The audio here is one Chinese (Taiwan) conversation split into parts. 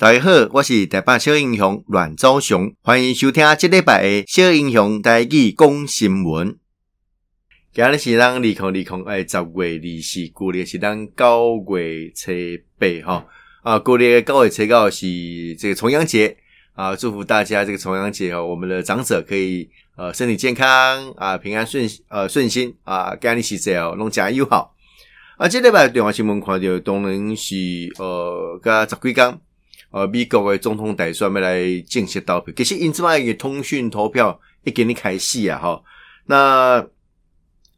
.大家好，我是台北小英雄阮朝雄，歡迎收聽這禮拜嘅小英雄台語講新聞。今日是咱利空利空誒，十月二十四日是咱九月初八哈啊，過日九月初九是這個重陽節啊，祝福大家這個重陽節哦，我們的長者可以呃身體健康啊，平安順呃順心啊，干利息仔哦，攏加油哈啊！這禮拜電話新聞看到當然是呃加十幾崗。呃，美國的總統大選沒來進行投票，可是因只嘛個通訊投票已經哩開始啊！哈、哦，那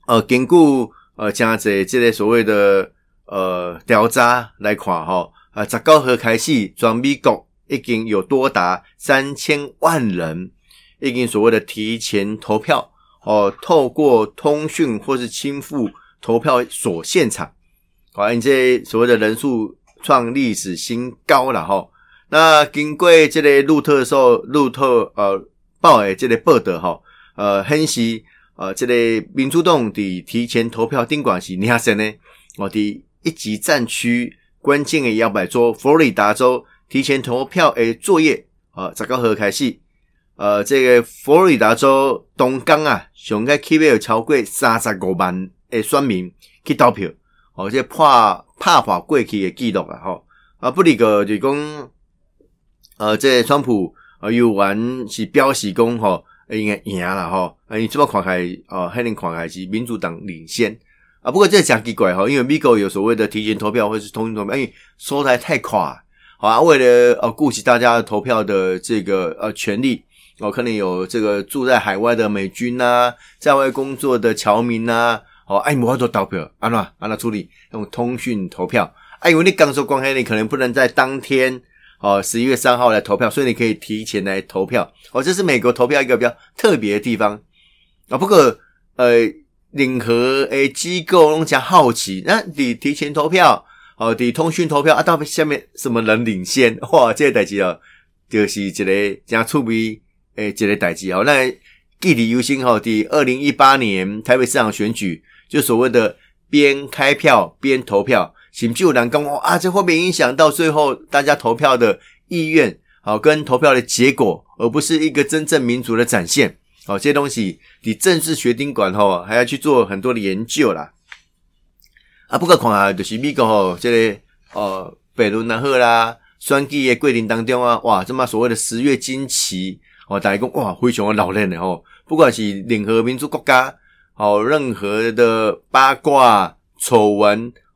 呃，經過呃，真儕這類所謂的呃調查來看哈，啊、哦，十九號開始，全美國已經有多達三千萬人已經所謂的提前投票哦，透過通訊或是親赴投票所現場，好、哦，你這所謂的人數創歷史新高了哈。哦那經過即個路透社、路透呃報誒即個報道吼，呃，顯示呃，即、這個民主黨佇提前投票是，定關係尼亞生呢？我佇一級戰區關鍵誒搖擺州佛羅里達州提前投票誒作業，哦、呃，十九號開始，呃，即、這個佛羅里達州東港啊，上蓋起碼有超過三十五萬誒選民去投票，哦、呃，即破拍破過去誒記錄啊！吼，啊，不離個就講。呃，這川普呃，又玩是標示工哈，應、哦、該贏了哈。哎，你這麼看海哦，還能看開、哦、是民主黨領先啊。不過這真奇怪哈、哦，因為美國有所謂的提前投票或是通訊投票，誒、哎，說的太誇好啊，為了呃顧及大家投票的這個呃權利，哦，可能有這個住在海外的美軍吶、啊，在外工作的僑民吶、啊，哦、誒、哎，沒法做投票，安怎安怎處理用通訊投票。誒、哎，因為你剛說公黑你可能不能在當天。哦，十一月三號來投票，所以你可以提前來投票。哦，這是美國投票一個比較特別的地方啊、哦。不過，呃，領核誒機構攏這樣好奇，那、啊、你提前投票，哦，你通訊投票啊，到下面什麼人領先？哇，這個代志啊，就是這個樣處於誒，這個代志哦。那記憶猶新。好、哦，第二零一八年台北市長選舉，就所謂的邊開票邊投票。請緒難共哦啊，這會不會影響到最後大家投票的意願，好、啊、跟投票的結果，而不是一個真正民主的展現。好、啊，這些東西你政治學丁管吼，還要去做很多的研究啦。啊，不過看啊，就是美國吼，即、啊這個呃、啊，北崙南賀啦，雙季嘅桂林當中啊，哇，這麼所謂的十月驚奇，哦、啊，大家講哇，非常的老練的吼。不管是任何民主國家，好、啊，任何的八卦醜聞。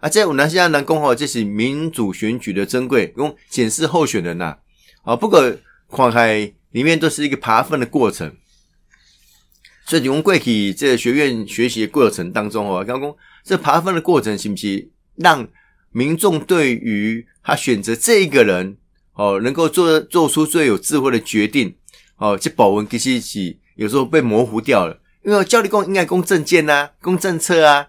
啊，這我們現在能講哦，這是民主選舉的珍貴，用檢視候選人吶、啊，哦，不過框開裡面都是一個爬分的過程。所以，你用貴這個學院學習的過程當中哦，剛剛講這爬分的過程，是不？是讓民眾對於他選擇這一個人哦，能夠做做出最有智慧的決定哦，這保文其實期，有時候被模糊掉了，因為教理公應該供政見吶、啊，供政策啊。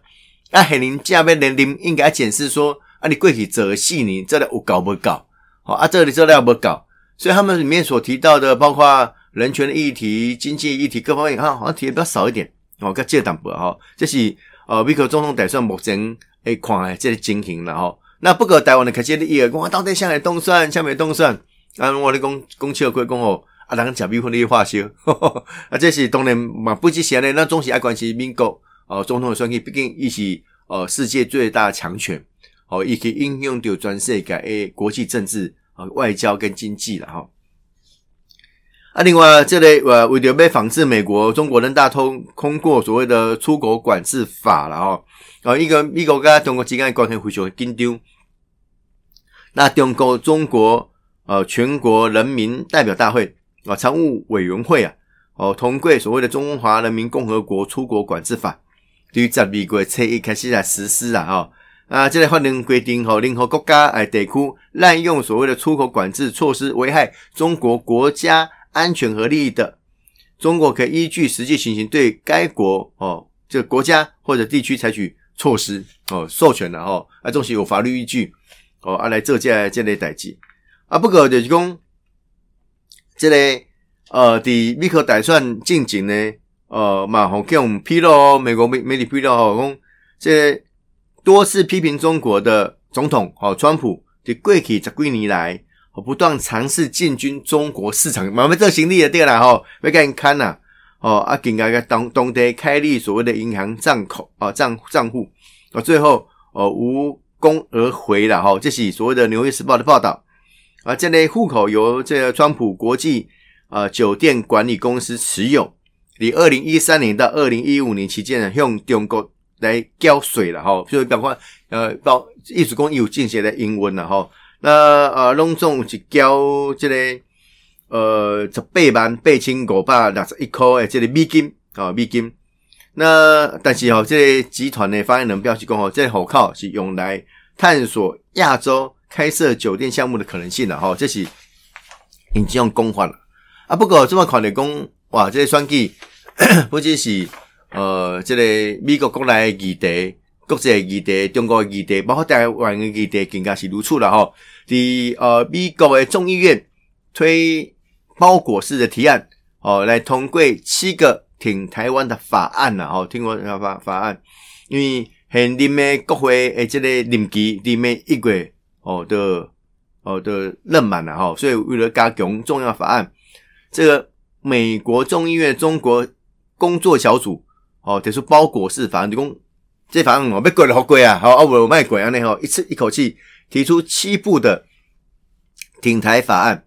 要要要啊，很靈，這邊連靈應該要檢視說啊，你過去做了四年，這裡有夠無夠？好啊，這裡做裡要不夠，所以他們裡面所提到的，包括人權議題、經濟議題各方面啊，好像提的比較少一點。哦，較進淡薄吼。這是呃，美國總統大選目前誒看誒這個情形的吼、哦。那不過台灣的這些的議員，我、啊、到底想來動算，想沒動算？啊，我的講講笑歸講哦，啊，人家發婚吼吼吼。啊，這是當然嘛，不值錢的，那總是愛關心美國。哦，總統的選舉畢竟一是呃世界最大的強權，哦，以及應用到全世界的國際政治、呃外交跟經濟了哈。啊，另外這裡、個、我、啊、為了被反制，美國、中國人大通通過所謂的出口管制法了哦。呃一個美國跟中國之間關係非常緊張。那中國中國呃全國人民代表大會啊常務委員會啊，哦通過所謂的中華人民共和國出口管制法。對於在美國才一開始來實施啊，吼啊！這類、個、法律規定吼，任何國家、哎、地區濫用所謂的出口管制措施，危害中國國家安全和利益的，中國可以依據實際情形對該國哦，這個國家或者地區採取措施哦，授權的吼，哎、哦，總是有法律依據哦，啊，來做這個、這類打擊啊。不過就是講這類、個、呃，佇美國打算進行呢。呃，蠻好，給我們披露美國媒媒體披露哦，講、哦、這多次批評中國的總統，好、哦，川普的過去十幾年來、哦，不斷嘗試進軍中國市場。我們這行李的掉了哈，被給人看了、啊、哦。啊，給那個當當地開立所謂的銀行賬、啊、戶，戶，啊，賬賬戶，哦最後哦、呃、無功而回了哈、哦。這是所謂的《紐約時報》的報道。啊，這類、個、戶口由這個川普國際啊、呃、酒店管理公司持有。你二零一三年到二零一五年期間，用中國來交稅了哈，所以包括呃包意思講有進行的英文了哈。那呃，攏總是交這個呃十八萬八千五百六十一塊，的這個美金啊美、喔、金。那但是哦、喔，這個、集團的發言人表示講哦、喔，這個戶口是用來探索亞洲開設酒店項目的可能性的哈、喔，這是已經用公款了啊。不過這麼看的公。哇！這個選舉不只是呃，這個美國國內的議題、國際的議題、中國的議題，包括台灣的議題更加是如此了哈。在呃，美國的眾議院推包裹式的提案哦，來通過七個挺台灣的法案吶，哈、哦，挺台法法案。因為現任的國會誒這個任期裡面一屆哦的哦的任滿了哈，所以為了加強重要法案，這個。美國眾議院中國工作小組，哦，提出包裹式法案說，這法案我別貴了好貴啊，好啊，賣貴啊，好、哦，一次一口氣提出七部的挺台法案，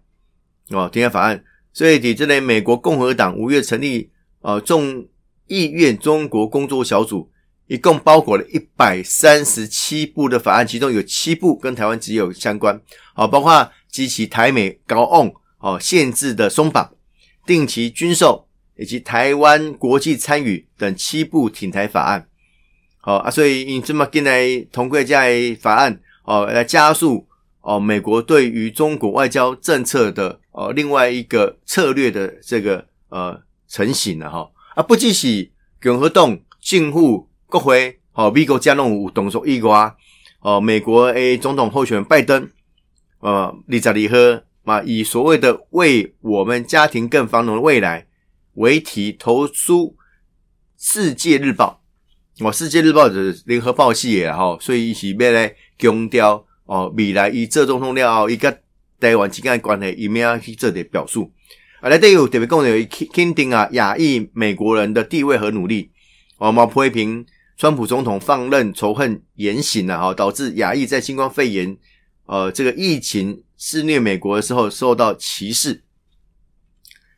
哦，挺台法案，所以底這類美國共和黨五月成立呃眾議院中國工作小組，一共包裹了一百三十七部的法案，其中有七部跟台灣直接有關，哦、包括激起台美高 o 哦，限制的鬆綁。定期軍售以及台灣國際參與等七部挺台法案，好啊，所以因這麼進來通過這法案哦，來加速哦美國對於中國外交政策的哦另外一個策略的這個呃成型了哈、哦、啊，不只是共和黨、進步國會、好、哦、美國加農有動作以外，哦美國 A 總統候選拜登呃二十二號。嘛，以所謂的為我們家庭更繁榮的未來為題投書《世界日報》，我《世界日報》就是聯合報系的吼，所以是要咧強調哦，未來以這總統料一個台灣之間的關係，一定要去這點表述。啊，來第二特別講有一肯定啊，亞裔美國人的地位和努力哦，嘛批評，川普總統放任仇恨言行吶，吼，導致亞裔在新冠肺炎。呃，這個疫情肆虐美國的時候受到歧視，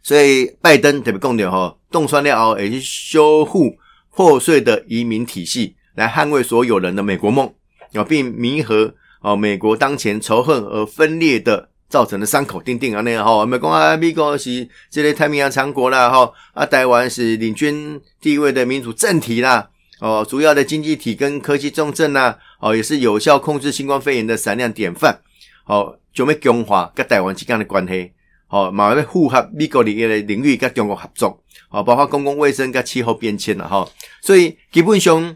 所以拜登特別重點哈，動雙料是修復破碎的移民體系，來捍衛所有人的美國夢有、哦、並彌合啊、哦、美國當前仇恨而分裂的造成的傷口定定，釘釘啊那樣哈、哦。美國啊，美國是這類太平洋強國啦哈、哦，啊，台灣是領軍地位的民主政體啦。哦，主要的經濟體跟科技重鎮吶、啊，哦，也是有效控制新冠肺炎的閃亮典範。哦，就咪中華跟台灣之間的關係，哦，馬上要符合美國領域的領域跟中國合作，哦，包括公共衛生跟氣候變遷吶，哈、哦。所以基本上。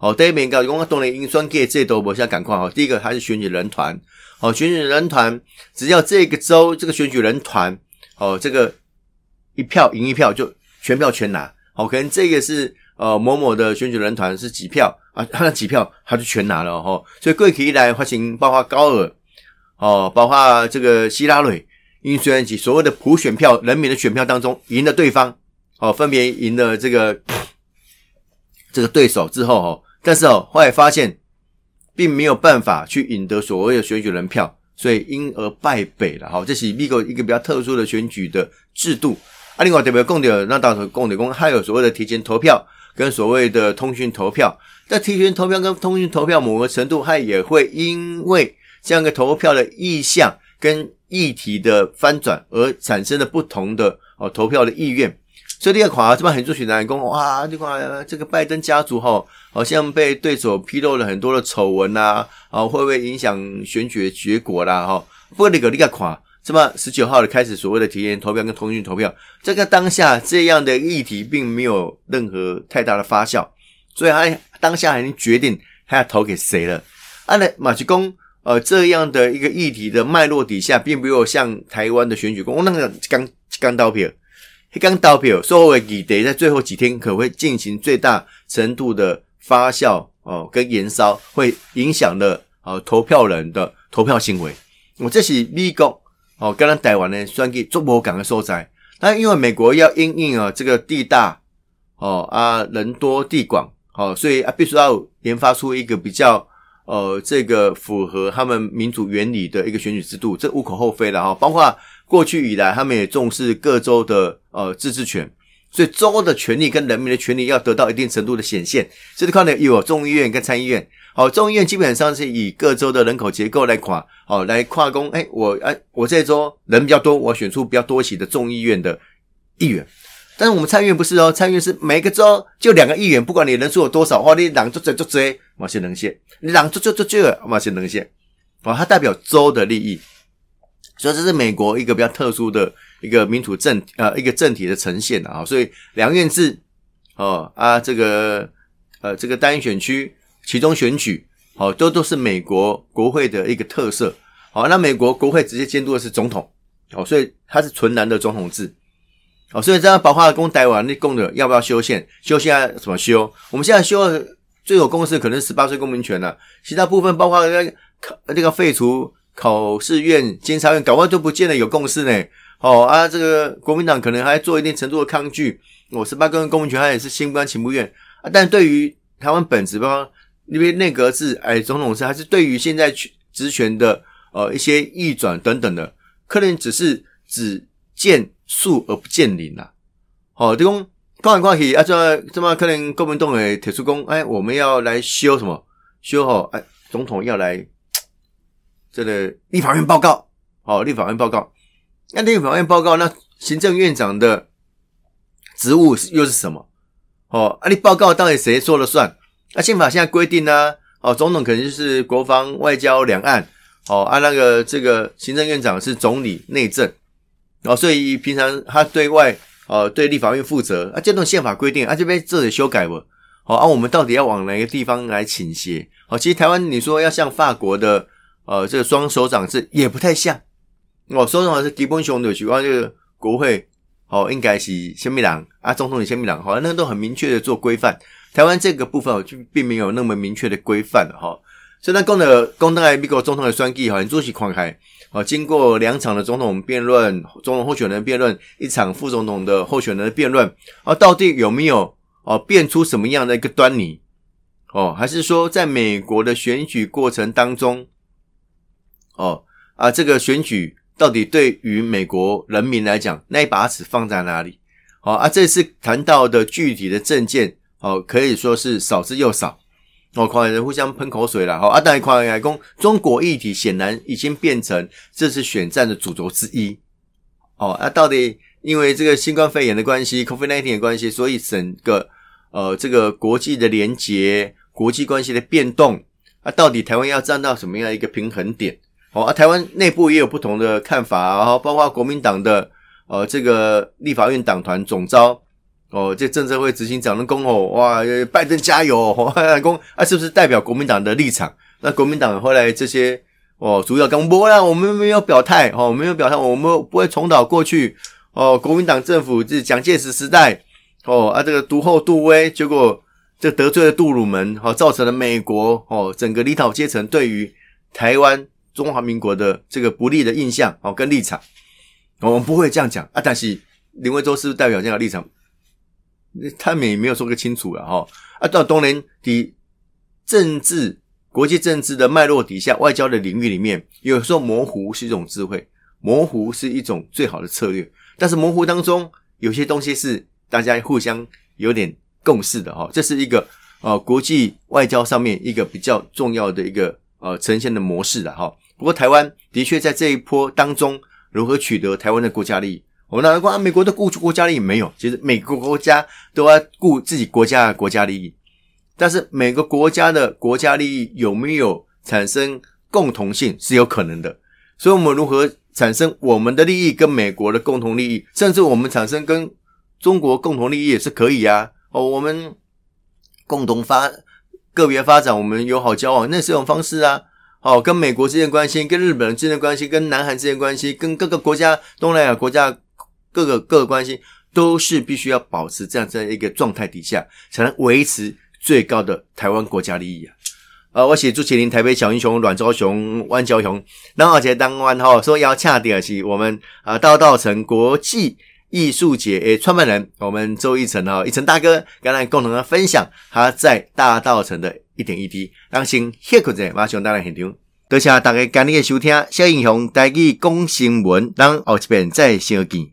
好、哦，第一名搞，如果懂得贏雙計最多，我想趕快哈。第一個還是選舉人團，哦，選舉人團只要這個州這個選舉人團，哦，這個一票贏一票就全票全拿。哦，可能這個是呃某某的選舉人團是幾票啊？他幾票他就全拿了哦，所以各位可以來發現包括高爾，哦，包括這個希拉蕊，因為雖然所謂的普選票人民的選票當中贏了對方，哦，分別贏了這個這個對手之後，哦。但是哦，後來發現並沒有辦法去贏得所謂的選舉人票，所以因而敗北了。好，這是美國一個比較特殊的選舉的制度。啊，另外特別公有那到時候公投中還有所謂的提前投票跟所謂的通訊投票。那提前投票跟通訊投票某個程度它也會因為這樣一個投票的意向跟議題的翻轉而產生了不同的哦投票的意願。所以第二個塊啊，這邊很多選民講哇，這塊這個拜登家族哈，好、哦、像被對手披露了很多的醜聞吶、啊，哦，會不會影響選舉的結果啦？哈、哦，不過你講第二個塊，什麼十九號的開始，所謂的提前投票跟通訊投票，這個當下這樣的議題並沒有任何太大的發酵，所以他當下還能決定他要投給誰了。啊，那馬吉功呃，這樣的一個議題的脈絡底下，並沒有像台灣的選舉公、哦、那個鋼鋼刀片。一缸投票，所有的議題在最後幾天，可會進行最大程度的發酵哦，跟延燒，會影響了哦投票人的投票行為。我這是美國哦，剛剛台灣呢算給中國港的所在。那因為美國要因應啊，這個地大哦啊人多地廣哦，所以啊必須要研發出一個比較呃這個符合他們民主原理的一個選舉制度，這無可厚非了哈，包括。過去以來，他們也重視各州的呃自治權，所以州的權力跟人民的權利要得到一定程度的顯現。這就看到有眾議院跟參議院。好、哦，眾議院基本上是以各州的人口結構來跨，好、哦、來跨工。哎、欸，我哎我這州人比較多，我選出比較多席的眾議院的議員。但是我們參議院不是哦，參議院是每個州就兩個議員，不管你人數有多少，哦，你黨做做做，馬先能先；你黨做做做做，馬先能先。哦，它代表州的利益。所以這是美國一個比較特殊的一個民主政呃一個政體的呈現啊，所以兩院制哦啊這個呃這個單一選區期中選舉好、哦、都都是美國國會的一個特色好、哦，那美國國會直接監督的是總統哦，所以他是純然的總統制哦，所以這樣把克利工完，你那的要不要修憲？修憲怎、啊、麼修？我們現在修的最有共識可能十八歲公民權了、啊，其他部分包括那個那個廢除。考試院、監察院，搞完都不見得有共識呢。哦啊，這個國民黨可能還做一定程度的抗拒。我十八個人公民權，他也是心不甘情不願啊。但對於台灣本質方那邊內閣制、哎總統制，還是對於現在職權的呃一些移轉，等等的，可能只是只見樹而不見林啦。好，這種誇人關係啊，這這麼可能公民動員鐵樹工哎，我們要來修什麼？修好、哦、哎，總統要來。對的立法院報告，哦，立法院報告，那、啊、立法院報告，那行政院長的職務又是什麼？哦，啊，你報告到底誰說了算？那、啊、憲法現在規定呢、啊？哦，總統肯定是國防、外交、兩岸，哦，啊，那個這個行政院長是總理內政，哦，所以平常他對外，哦，對立法院負責。啊，這種憲法規定，啊，這邊這裡修改了，哦，啊，我們到底要往哪個地方來傾斜？哦，其實台灣你說要像法國的。呃、哦，這個雙首長是也不太像。哦，雙首長是迪波雄的，喜、啊、歡這個國會哦，應該是鮮民黨啊，總統是鮮民黨，好、哦、像那都很明確的做規範。台灣這個部分、哦、就並沒有那麼明確的規範的哈、哦。所以，當供的、公在美國總統的選舉好很捉起狂開啊、哦。經過兩場的總統辯論、總統候選人的辯論，一場副總統的候選人的辯論啊、哦，到底有沒有哦，變出什麼樣的一個端倪？哦，還是說在美國的選舉過程當中？哦啊，這個選舉到底對於美國人民來講，那一把尺放在哪裡？好、哦、啊，這次談到的具體的政見，哦，可以說是少之又少。哦，快人互相噴口水了哈、哦！啊，大家人來攻，中國議題顯然已經變成這次選戰的主軸之一。哦，啊，到底因為這個新冠肺炎的關係，COVID-19 的關係，所以整個呃這個國際的連結、國際關係的變動，啊，到底台灣要占到什麼樣的一個平衡點？哦，啊，台灣內部也有不同的看法，然、哦、後包括國民黨的呃這個立法院黨團總召，哦，這政策會執行長的公吼，哇，拜登加油，恭、哦、啊，啊，是不是代表國民黨的立場？那國民黨後來這些哦，主要剛播了，我們沒有表態，哦，沒有表態，我們不會重蹈過去哦，國民黨政府是蔣介石時代，哦，啊，這個獨厚杜威，結果就得罪了杜魯門，哈、哦，造成了美國哦整個領導階層對於台灣。中華民國的這個不利的印象哦，跟立場，我們不會這樣講啊。但是林維洲是不是代表這樣的立場？他們也沒有說個清楚了哈。啊，到當年的政治國際政治的脈絡底下，外交的領域裡面，有時候模糊是一種智慧，模糊是一種最好的策略。但是模糊當中有些東西是大家互相有點共識的哈。這是一個呃國際外交上面一個比較重要的一個呃呈現的模式的哈。不過，台灣的確在這一波當中如何取得台灣的國家利益？我們哪能說啊？美國都顧國家利益沒有，其實每個國家都要顧自己國家的國家利益。但是每個國家的國家利益有沒有產生共同性是有可能的。所以，我們如何產生我們的利益跟美國的共同利益，甚至我們產生跟中國共同利益也是可以啊。哦，我們共同發，個別發展，我們友好交往，那是一種方式啊。哦，跟美國之間關係，跟日本之間關係，跟南韓之間關係，跟各個國家、東南亞國家各個各個關係，都是必須要保持這樣在一個狀態底下，才能維持最高的台灣國家利益啊！啊、呃，我寫朱麒麟，台北小英雄阮昭雄、萬昭雄，然後而且當晚吼、哦、說要恰的是我們啊大、呃、稻埕國際藝術節誒創辦人我們周一晨啊、哦、一晨大哥，剛才共同的分享他在大稻埕的。一點一滴，咱先，歇剋在馬上帶來現場。多謝大家今日嘅收聽，小英雄台語講新聞，咱後一遍，再相見。